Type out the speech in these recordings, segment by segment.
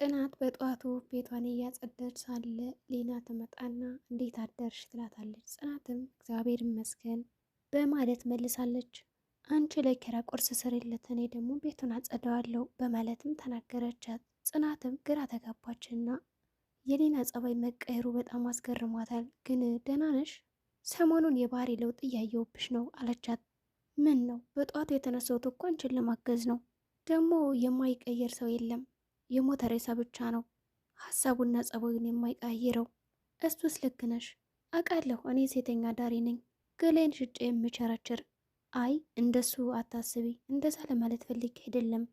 ጽናት በጠዋቱ ቤቷን እያጸደች ሳለ ሌና ትመጣና እንዴት አደርሽ ትላታለች። ጽናትም እግዚአብሔር ይመስገን በማለት መልሳለች። አንቺ ለኪራ ቁርስ ስሪለት፣ እኔ ደግሞ ቤቱን አጸደዋለሁ በማለትም ተናገረቻት። ጽናትም ግራ ተጋባችና የሌና ጸባይ መቀየሩ በጣም አስገርሟታል። ግን ደህና ነሽ? ሰሞኑን የባህሪ ለውጥ እያየውብሽ ነው አለቻት። ምን ነው በጠዋቱ የተነሳሁት እኮ አንቺን ለማገዝ ነው። ደግሞ የማይቀየር ሰው የለም የሞተ ሬሳ ብቻ ነው ሀሳቡና ጸባዩን የማይቃይረው። እሱስ ልክ ነሽ አውቃለሁ። እኔ ሴተኛ ዳሪ ነኝ፣ ገላዬን ሽጬ የምቸረችር። አይ እንደሱ አታስቢ፣ እንደዛ ለማለት ፈልጌ አይደለም።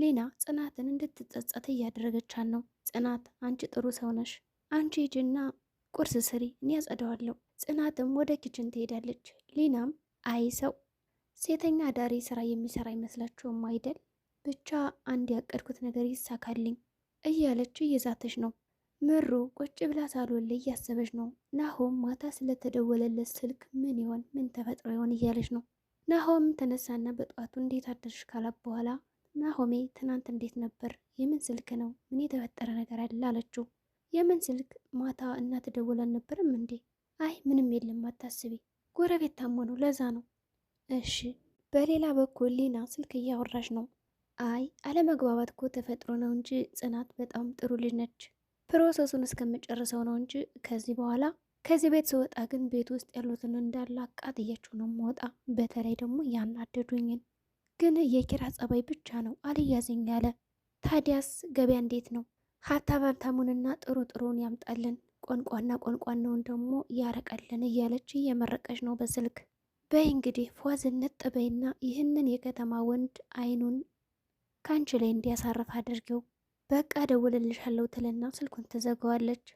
ሌና ጽናትን እንድትጸጸት እያደረገቻት ነው። ጽናት አንቺ ጥሩ ሰው ነሽ፣ አንቺ ሂጂና ቁርስ ስሪ፣ እኔ ያጸደዋለሁ። ጽናትም ወደ ኪችን ትሄዳለች። ሌናም አይ ሰው ሴተኛ ዳሪ ስራ የሚሰራ አይመስላችሁም አይደል ብቻ አንድ ያቀድኩት ነገር ይሳካልኝ እያለች እየዛተች ነው። ምሩ ቁጭ ብላ ሳሎን ላይ እያሰበች ነው። ናሆም ማታ ስለተደወለለት ስልክ ምን ይሆን ምን ተፈጥሮ ይሆን እያለች ነው። ናሆም ተነሳና በጠዋቱ እንዴት አደርሽ ካላት በኋላ ናሆሜ ትናንት እንዴት ነበር? የምን ስልክ ነው? ምን የተፈጠረ ነገር አለ አለችው። የምን ስልክ ማታ እናት ደውላ አልነበረም እንዴ? አይ ምንም የለም አታስቢ፣ ጎረቤት ታሞ ነው ለዛ ነው። እሺ። በሌላ በኩል ሊና ስልክ እያወራች ነው። አይ አለመግባባት እኮ ተፈጥሮ ነው እንጂ ጽናት በጣም ጥሩ ልጅ ነች። ፕሮሰሱን እስከምጨርሰው ነው እንጂ ከዚህ በኋላ ከዚህ ቤት ስወጣ ግን ቤት ውስጥ ያሉትን እንዳለ አቃጥያችሁ ነው መወጣ። በተለይ ደግሞ ያናደዱኝን ግን የኪራ ጸባይ ብቻ ነው አልያዘኝ ያለ። ታዲያስ ገበያ እንዴት ነው? ሀብታም ሀብታሙንና ጥሩ ጥሩን ያምጣልን፣ ቆንቋና ቆንቋናውን ደግሞ ያረቀልን እያለች እየመረቀች ነው በስልክ። በይ እንግዲህ ፏዝነት ጥበይና ይህንን የከተማ ወንድ አይኑን ከአንቺ ላይ እንዲያሳርፍ አድርጌው! በቃ ደውልልሻለሁ ትልና ስልኩን ትዘጋዋለች።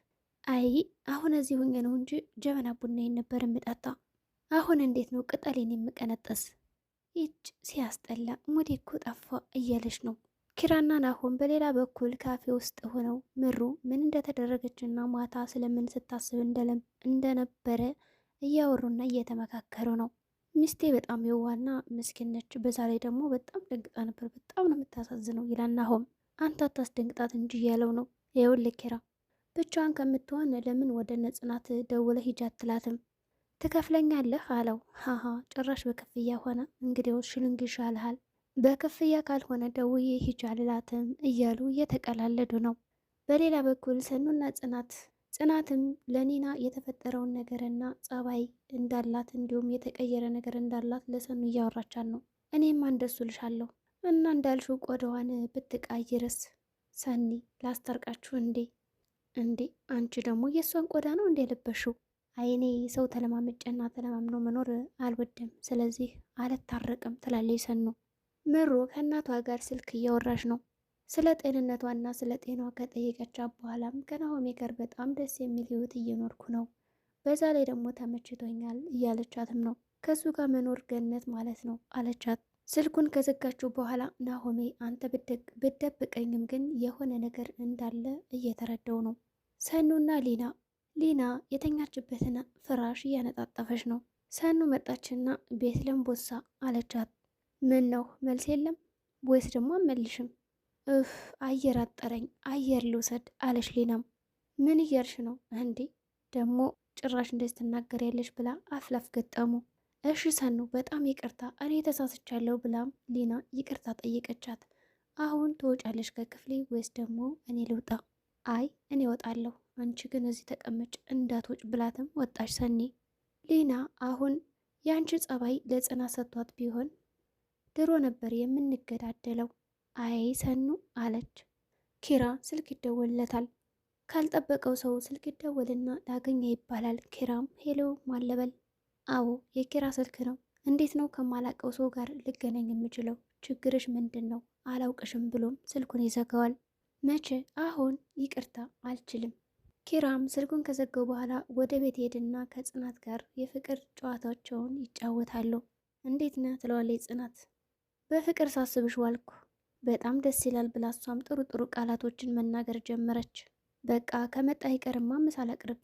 አይ አሁን እዚህ ሁኜ ነው እንጂ ጀበና ቡናዬን ነበር የምጠጣ። አሁን እንዴት ነው ቅጠሌን የምቀነጠስ? ይች ሲያስጠላ ሙዴ እኮ ጠፋ እያለች ነው። ኪራና ናሆን በሌላ በኩል ካፌ ውስጥ ሆነው ምሩ ምን እንደተደረገችና ማታ ስለምን ስታስብ እንደነበረ እያወሩና እየተመካከሩ ነው። ሚስቴ በጣም የዋና ምስኪን ነች፣ በዛ ላይ ደግሞ በጣም ደንግጣ ነበር፣ በጣም ነው የምታሳዝነው ይላል ናሆም። አንተ አታስደንግጣት እንጂ ያለው ነው። ይኸውልህ ኪራ ብቻዋን ከምትሆን ለምን ወደ ነጽናት ደውለህ ሂጅ አትላትም? ትከፍለኛለህ አለው። ሀሀ ጭራሽ በክፍያ ሆነ። እንግዲያውስ ሽልንግ ይሻልሃል፣ በክፍያ ካልሆነ ደውዬ ሂጅ አልላትም እያሉ እየተቀላለዱ ነው። በሌላ በኩል ሰኑና ጽናት ጽናትም ለኒና የተፈጠረውን ነገርና ጸባይ እንዳላት እንዲሁም የተቀየረ ነገር እንዳላት ለሰኑ እያወራቻት ነው። እኔም አንደሱ ልሻለሁ እና እንዳልሽው ቆዳዋን ብትቃይርስ ሰኒ ላስታርቃችሁ እንዴ? እንዴ አንቺ ደግሞ የእሷን ቆዳ ነው እንዴ ልበሽው? አይኔ ሰው ተለማምጨና ተለማምኖ መኖር አልወድም፣ ስለዚህ አልታረቅም ትላለች ሰኑ። ምሮ ከእናቷ ጋር ስልክ እያወራች ነው። ስለ ጤንነቷና ስለ ጤናዋ ከጠየቀቻት በኋላም ከናሆሜ ጋር በጣም ደስ የሚል ህይወት እየኖርኩ ነው፣ በዛ ላይ ደግሞ ተመችቶኛል እያለቻትም ነው። ከሱ ጋር መኖር ገነት ማለት ነው አለቻት። ስልኩን ከዘጋችው በኋላ ናሆሜ አንተ ብደብቀኝም ግን የሆነ ነገር እንዳለ እየተረዳው ነው። ሰኑና ሊና ሊና የተኛችበትን ፍራሽ እያነጣጠፈች ነው። ሰኑ መጣችና ቤት ለምቦሳ አለቻት። ምን ነው መልስ የለም ወይስ ደግሞ አመልሽም እፍ አየር አጠረኝ፣ አየር ልውሰድ አለች። ሊናም ምን እያልሽ ነው እንዴ? ደግሞ ጭራሽ እንደዚህ ትናገር ያለሽ ብላ አፍላፍ ገጠሙ። እሺ ሰኑ በጣም ይቅርታ እኔ ተሳስቻለሁ ብላም ሊና ይቅርታ ጠየቀቻት። አሁን ትወጫለሽ ከክፍሌ ወይስ ደግሞ እኔ ልውጣ? አይ እኔ ወጣለሁ፣ አንቺ ግን እዚህ ተቀመጭ እንዳትወጭ ብላትም ወጣች ሰኒ። ሊና አሁን የአንቺ ጸባይ ለጽና ሰጥቷት ቢሆን ድሮ ነበር የምንገዳደለው አይ ሰኑ አለች። ኪራ ስልክ ይደወልለታል። ካልጠበቀው ሰው ስልክ ይደወልና ዳግኛ ይባላል። ኪራም ሄሎ ማለበል። አዎ የኪራ ስልክ ነው። እንዴት ነው ከማላቀው ሰው ጋር ልገናኝ የምችለው? ችግርሽ ምንድን ነው? አላውቅሽም ብሎም ስልኩን ይዘጋዋል። መቼ? አሁን። ይቅርታ አልችልም። ኪራም ስልኩን ከዘጋው በኋላ ወደ ቤት ሄድና ከጽናት ጋር የፍቅር ጨዋታቸውን ይጫወታሉ። እንዴት ነህ ትለዋለች ጽናት። በፍቅር ሳስብሽ ዋልኩ በጣም ደስ ይላል ብላ እሷም ጥሩ ጥሩ ቃላቶችን መናገር ጀመረች። በቃ ከመጣ ይቀርማ ምሳ አላቅርብ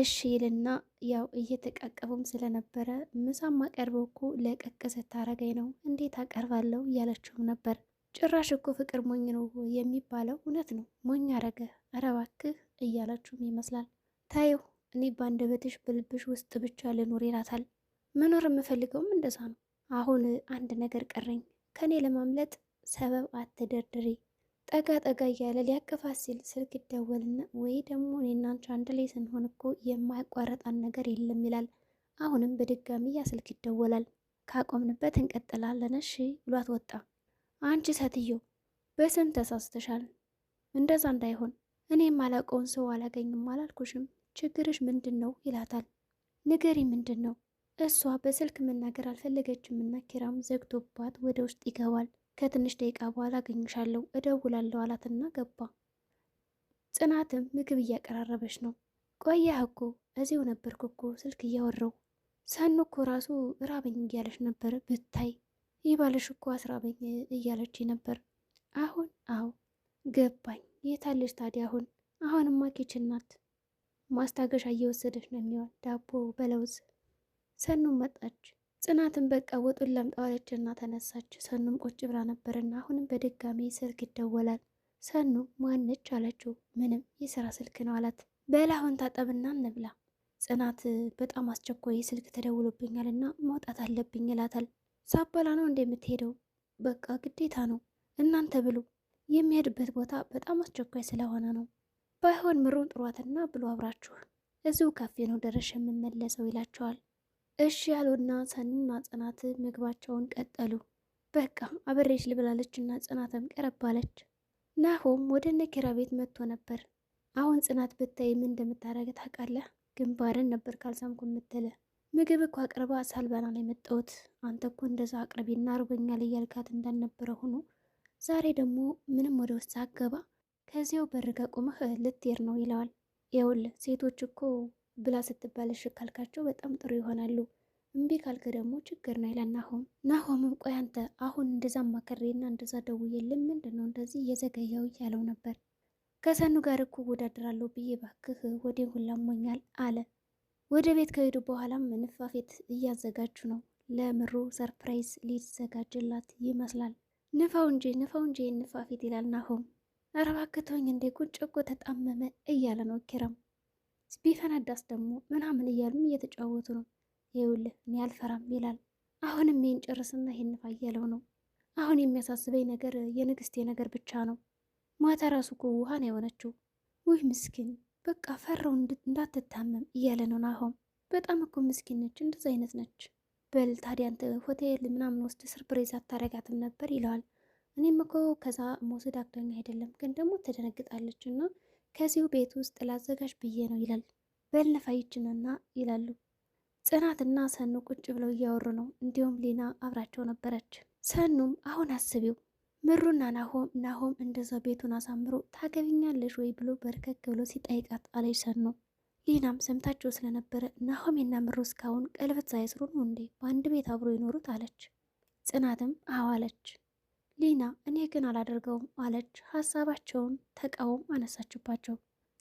እሺ ይልና ያው እየተቃቀቡም ስለነበረ ምሳ ማቀርበው እኮ ለቀቅ ስታረገኝ ነው እንዴት አቀርባለሁ እያለችውም ነበር። ጭራሽ እኮ ፍቅር ሞኝ ነው የሚባለው እውነት ነው፣ ሞኝ አረገ አረባክህ እያለችውም ይመስላል። ታየው እኔ በአንደበትሽ በልብሽ ውስጥ ብቻ ልኖር ይላታል። መኖር የምፈልገውም እንደዛ ነው። አሁን አንድ ነገር ቀረኝ ከእኔ ለማምለጥ ሰበብ አትደርድሪ። ጠጋ ጠጋ እያለ ሊያከፋት ሲል ስልክ ይደወልና ወይ ደግሞ እኔና አንቺ አንድ ላይ ስንሆን እኮ የማያቋረጣን ነገር የለም ይላል። አሁንም በድጋሚ ያ ስልክ ይደወላል። ካቆምንበት እንቀጥላለን እሺ ብሏት ወጣ። አንቺ ሴትዮ በስም ተሳስተሻል፣ እንደዛ እንዳይሆን እኔ የማላውቀውን ሰው አላገኝም አላልኩሽም? ችግርሽ ምንድን ነው ይላታል። ንገሪ ምንድን ነው? እሷ በስልክ መናገር አልፈለገችም እና ኪራም ዘግቶባት ወደ ውስጥ ይገባል። ከትንሽ ደቂቃ በኋላ አገኝሻለሁ እደውላለሁ አላትና ገባ። ጽናትም ምግብ እያቀራረበች ነው። ቆየህ እኮ እዚሁ ነበርኩ እኮ ስልክ እያወራው ሰኑ እኮ ራሱ እራበኝ እያለች ነበር ብታይ ይባልሽ እኮ አስራበኝ እያለች ነበር። አሁን አዎ ገባኝ። የታለች ታዲያ አሁን? አሁንማ ኪችን ናት። ማስታገሻ እየወሰደች ነው የሚሆን ዳቦ በለውዝ ሰኑን መጣች። ጽናትን በቃ ወጡን ለምጠዋለች እና ተነሳች። ሰኑም ቁጭ ብላ ነበርና አሁንም በድጋሚ ስልክ ይደወላል። ሰኑ ማነች አለችው። ምንም የስራ ስልክ ነው አላት። በላ አሁን ታጠብና እንብላ። ጽናት በጣም አስቸኳይ ስልክ እና መውጣት አለብኝ ይላታል። ሳበላ ነው እንደምትሄደው በቃ ግዴታ ነው እናንተ ብሉ። የሚሄድበት ቦታ በጣም አስቸኳይ ስለሆነ ነው። ባይሆን ምሩን ጥሯትና ብሎ አብራችሁ እዚሁ ካፌ ነው ደረሽ የምመለሰው ይላቸዋል። እሺ ያሉና ሰኒና ጽናት ምግባቸውን ቀጠሉ። በቃ አብሬሽ ልብላለች እና ጽናትም ቀረብ አለች። ናሆም ወደ ነኪራ ቤት መጥቶ ነበር። አሁን ጽናት ብታይ ምን እንደምታደርግ ታውቃለህ? ግንባርን ነበር ካልሳምኩ የምትለ ምግብ እኮ አቅርባ ሳልበና ነው የመጣሁት። አንተ እኮ እንደዛ አቅርቢና አርቦኛል እያልካት እንዳልነበረ ሆኖ ዛሬ ደግሞ ምንም ወደ ውስጥ ሳገባ ከዚያው በርጋ ቆመህ ልትሄድ ነው ይለዋል። ይኸውልህ ሴቶች እኮ ብላ ስትባል እሽ ካልካቸው በጣም ጥሩ ይሆናሉ። እምቢ ካልክ ደግሞ ችግር ነው ይላል ናሆም። ናሆምም ቆይ አንተ አሁን እንደዛ ማከሬና እንደዛ ደውዬልን ምንድን ነው እንደዚህ የዘገየው እያለው ነበር። ከሰኑ ጋር እኮ ወዳደራለሁ ብዬ ባክህ ወዴ ሁላሞኛል አለ። ወደ ቤት ከሄዱ በኋላም ንፋፌት እያዘጋጁ ነው። ለምሩ ሰርፕራይዝ ሊዘጋጅላት ይመስላል። ንፋው እንጂ ንፋው እንጂ ንፋፌት ይላል ናሆም። አረባክተውኝ እንዴ ጉንጭ እኮ ተጣመመ እያለ ነው ኪራም ቢፈነዳስ ደግሞ ምናምን እያሉም እየተጫወቱ ነው። ይኸውልህ እኔ አልፈራም ይላል። አሁንም ይህን ጨርስና ይህን ፋ እያለው ነው። አሁን የሚያሳስበኝ ነገር የንግስቴ ነገር ብቻ ነው። ማታ ራሱ እኮ ውሃ የሆነችው። ውይ ምስኪን፣ በቃ ፈራው እንዳትታመም እያለ ነው ናሆም። በጣም እኮ ምስኪን ነች፣ እንደዚህ አይነት ነች። በል ታዲያ አንተ ሆቴል ምናምን ወስድ ሰርፕሬዝ አታረጋትም ነበር ይለዋል። እኔም እኮ ከዛ መውሰድ አቅቶኝ አይደለም፣ ግን ደግሞ ትደነግጣለች እና ከዚሁ ቤት ውስጥ ላዘጋጅ ብዬ ነው ይላል። በልነፋይችንና ይላሉ። ጽናትና ሰኑ ቁጭ ብለው እያወሩ ነው። እንዲሁም ሊና አብራቸው ነበረች። ሰኑም አሁን አስቢው ምሩና ናሆም ናሆም እንደዛ ቤቱን አሳምሮ ታገቢኛለሽ ወይ ብሎ በርከክ ብሎ ሲጠይቃት አለች ሰኑ። ሊናም ሰምታቸው ስለነበረ ናሆሜና ምሩ እስካሁን ቀለበት ሳይስሩ ነው እንዴ በአንድ ቤት አብሮ ይኖሩት አለች። ጽናትም አዎ አለች። ሊና እኔ ግን አላደርገውም አለች። ሀሳባቸውን ተቃውም አነሳችባቸው።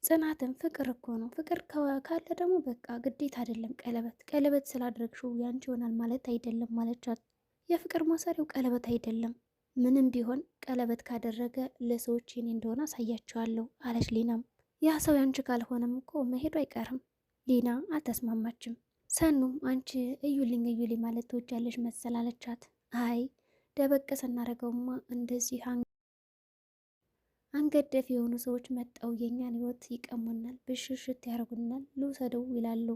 ጽናትም ፍቅር እኮ ነው፣ ፍቅር ካለ ደግሞ በቃ ግዴታ አይደለም ቀለበት ቀለበት ስላደረግሽው ያንቺ ይሆናል ማለት አይደለም ማለቻት። የፍቅር ማሰሪያው ቀለበት አይደለም ምንም ቢሆን ቀለበት ካደረገ ለሰዎች የኔ እንደሆነ አሳያቸዋለሁ አለች። ሊናም ያ ሰው ያንቺ ካልሆነም እኮ መሄዱ አይቀርም። ሊና አልተስማማችም። ሰኑም አንቺ እዩልኝ እዩልኝ ማለት ትወጃለሽ መሰል አለቻት። አይ ደበቅ ስናደርገውማ እንደዚህ አንገደፍ ደፍ የሆኑ ሰዎች መጠው የእኛን ሕይወት ይቀሙናል፣ ብሽሽት ያደርጉናል፣ ልውሰደው ይላሉ።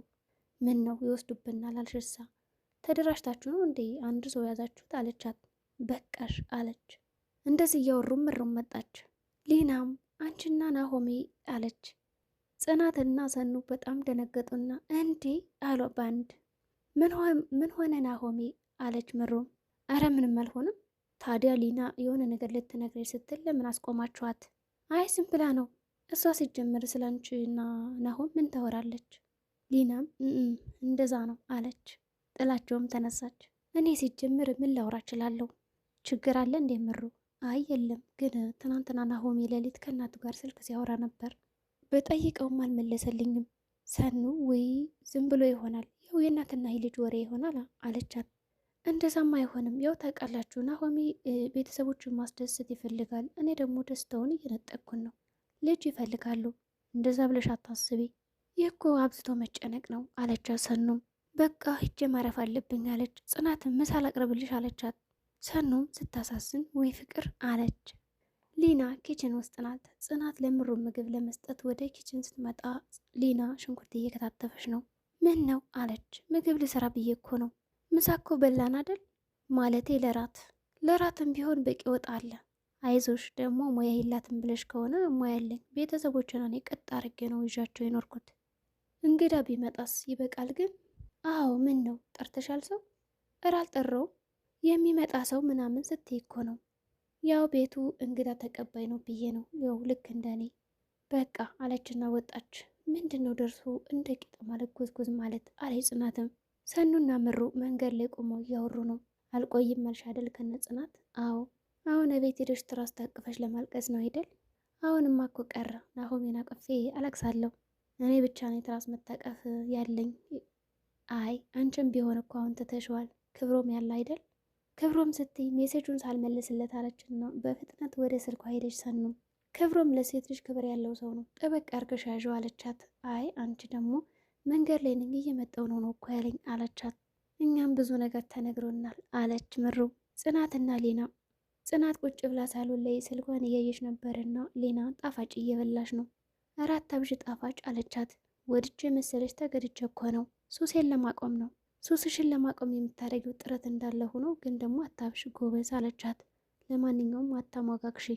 ምን ነው ይወስዱብናል። አልሽሳ ተደራጅታችሁ ነው እንዴ አንድ ሰው ያዛችሁት? አለቻት። በቃሽ አለች። እንደዚህ እያወሩም ምሩም መጣች። ሊናም አንቺና ናሆሜ አለች። ጽናትና ሰኑ በጣም ደነገጡና እንዴ አሉ በአንድ ምን ሆነ ናሆሜ አለች ምሩም እረ ምንም አልሆንም። ታዲያ ሊና የሆነ ነገር ልትነግረኝ ስትል ለምን አስቆማችኋት? አይ ዝም ብላ ነው። እሷ ሲጀመር ስለ አንቺና ናሆም ምን ታወራለች? ሊናም እንደዛ ነው አለች። ጥላቸውም ተነሳች። እኔ ሲጀምር ምን ላውራ እችላለሁ? ችግር አለ እንደምሩ? አይ የለም፣ ግን ትናንትና ናሆም የሌሊት ከእናቱ ጋር ስልክ ሲያወራ ነበር። በጠይቀውም አልመለሰልኝም። ሰኑ ወይ ዝም ብሎ ይሆናል ያው የእናትና ልጅ ወሬ ይሆናል አለቻት። እንደዛም አይሆንም። ያው ታውቃላችሁ ናሆሚ ቤተሰቦችን ማስደሰት ይፈልጋል። እኔ ደግሞ ደስታውን እየነጠቅኩን ነው። ልጅ ይፈልጋሉ። እንደዛ ብለሽ አታስቢ፣ ይህኮ አብዝቶ መጨነቅ ነው አለቻ ሰኑም በቃ ሂጄ ማረፍ አለብኝ አለች። ጽናትን ምሳ ላቅርብልሽ አለቻት። ሰኑም ስታሳዝን ወይ ፍቅር አለች። ሊና ኪችን ውስጥ ናት። ጽናት ለምሩ ምግብ ለመስጠት ወደ ኪችን ስትመጣ ሊና ሽንኩርት እየከታተፈች ነው። ምን ነው አለች። ምግብ ልሰራ ብዬ እኮ ነው ምሳ እኮ በላን አደል? ማለቴ ለራት ለራትም ቢሆን በቂ ወጥ አለ። አይዞሽ ደግሞ ሙያ የላትም ብለሽ ከሆነ ሙያለኝ። ቤተሰቦችን እኔ ቀጥ አድርጌ ነው ይዣቸው የኖርኩት። እንግዳ ቢመጣስ ይበቃል ግን። አዎ ምን ነው ጠርተሻል? ሰው እረ አልጠራውም። የሚመጣ ሰው ምናምን ስትይ እኮ ነው። ያው ቤቱ እንግዳ ተቀባይ ነው ብዬ ነው። ያው ልክ እንደኔ በቃ አለችና ወጣች። ምንድን ነው ደርሶ እንደ ቂጥ ማለት ጎዝጎዝ ማለት አለች ጽናትም ሰኑና ምሩ መንገድ ላይ ቆመው እያወሩ ነው። አልቆይም መልሽ አይደል ከነ ጽናት? አዎ አሁን ቤት ሄደሽ ትራስ ታቅፈሽ ለማልቀስ ነው አይደል? አሁንማ እኮ ቀረ። ናሆሜን አቅፌ አለቅሳለሁ። እኔ ብቻ ነው የትራስ መታቀፍ ያለኝ። አይ አንቺም ቢሆን እኮ አሁን ትተሽዋል። ክብሮም ያለ አይደል? ክብሮም ስትይ ሜሴጁን ሳልመልስለት አለችና በፍጥነት ወደ ስልኳ ሄደች። ሰኑ ክብሮም ለሴት ልጅ ክብር ያለው ሰው ነው፣ ጠበቅ አርገሽ ያዥው አለቻት። አይ አንቺ ደግሞ መንገድ ላይ ነኝ እየመጣው ነው ነው እኮ ያለኝ አለቻት። እኛም ብዙ ነገር ተነግሮናል አለች ምሩ። ጽናትና ሌና ጽናት ቁጭ ብላ ሳሎን ላይ ስልኳን እያየች ነበርና ሌና ጣፋጭ እየበላች ነው። አራት አብዥ ጣፋጭ አለቻት። ወድጄ መሰለች ተገድቼ እኮ ነው። ሱሴን ለማቆም ነው። ሱስሽን ለማቆም የምታደርጊው ጥረት እንዳለ ሆኖ ግን ደግሞ አታብሽ ጎበዝ አለቻት። ለማንኛውም አታሟጋግሽ።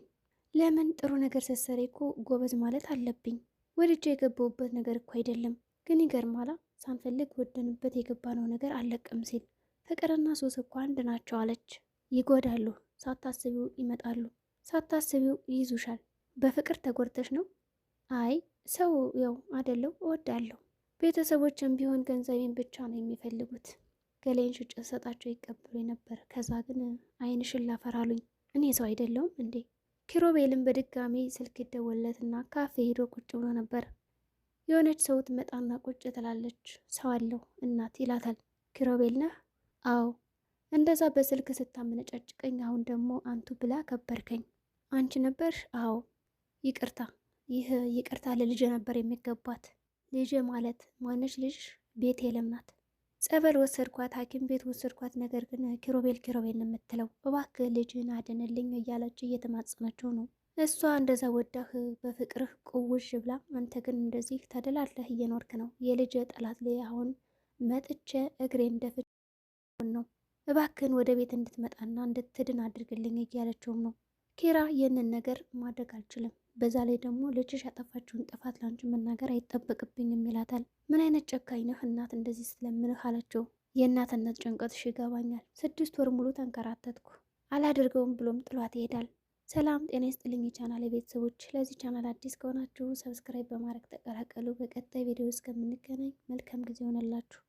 ለምን ጥሩ ነገር ስትሰሪ እኮ ጎበዝ ማለት አለብኝ። ወድጄ የገባሁበት ነገር እኮ አይደለም ግን ይገርማላ ሳንፈልግ ወደንበት የገባነው ነገር አለቅም ሲል ፍቅርና ሶስ እኮ አንድ ናቸው አለች። ይጎዳሉ፣ ሳታስቢው ይመጣሉ፣ ሳታስቢው ይይዙሻል። በፍቅር ተጎድተሽ ነው? አይ ሰው ያው አደለው እወዳለሁ። ቤተሰቦችም ቢሆን ገንዘቤን ብቻ ነው የሚፈልጉት። ገሌን ሽጭ ሰጣቸው ይቀበሉ ነበር። ከዛ ግን አይንሽን ላፈራሉኝ። አሉኝ። እኔ ሰው አይደለሁም እንዴ? ኪሮቤልን በድጋሚ ስልክ ይደወለትና ካፌ ሄዶ ቁጭ ብሎ ነበር። የሆነች ሰው ትመጣና ቁጭ ትላለች። ሰው አለው እናት ይላታል። ኪሮቤል ነህ? አዎ። እንደዛ በስልክ ስታመነጫጭቀኝ አሁን ደግሞ አንቱ ብላ ከበርከኝ። አንቺ ነበር? አዎ። ይቅርታ። ይህ ይቅርታ ለልጄ ነበር የሚገባት። ልጄ ማለት ማነች? ልጅ ቤት የለምናት ጸበል ወሰድኳት፣ ሐኪም ቤት ወሰድኳት። ነገር ግን ኪሮቤል ኪሮቤል ነው የምትለው። እባክህ ልጅን አድንልኝ እያለች እየተማጸነችው ነው። እሷ እንደዛ ወዳህ በፍቅርህ ቁውሽ ብላ፣ አንተ ግን እንደዚህ ተደላለህ እየኖርክ ነው። የልጅ ጠላት ላይ አሁን መጥቼ እግሬ ደፍቼ ነው። እባክህን ወደ ቤት እንድትመጣና እንድትድን አድርግልኝ እያለችውም ነው። ኪራ ይህንን ነገር ማድረግ አልችልም፣ በዛ ላይ ደግሞ ልጅሽ ያጠፋችውን ጥፋት ላንቺ መናገር አይጠበቅብኝም ይላታል። ምን አይነት ጨካኝ ነህ እናት እንደዚህ ስለምንህ አለችው። የእናትነት ጭንቀትሽ ይገባኛል። ስድስት ወር ሙሉ ተንከራተትኩ አላደርገውም ብሎም ጥሏት ይሄዳል። ሰላም ጤና ይስጥልኝ ቻናል የቤተሰቦች። ለዚህ ቻናል አዲስ ከሆናችሁ ሰብስክራይብ በማድረግ ተቀላቀሉ። በቀጣይ ቪዲዮ እስከምንገናኝ መልካም ጊዜ ሆነላችሁ።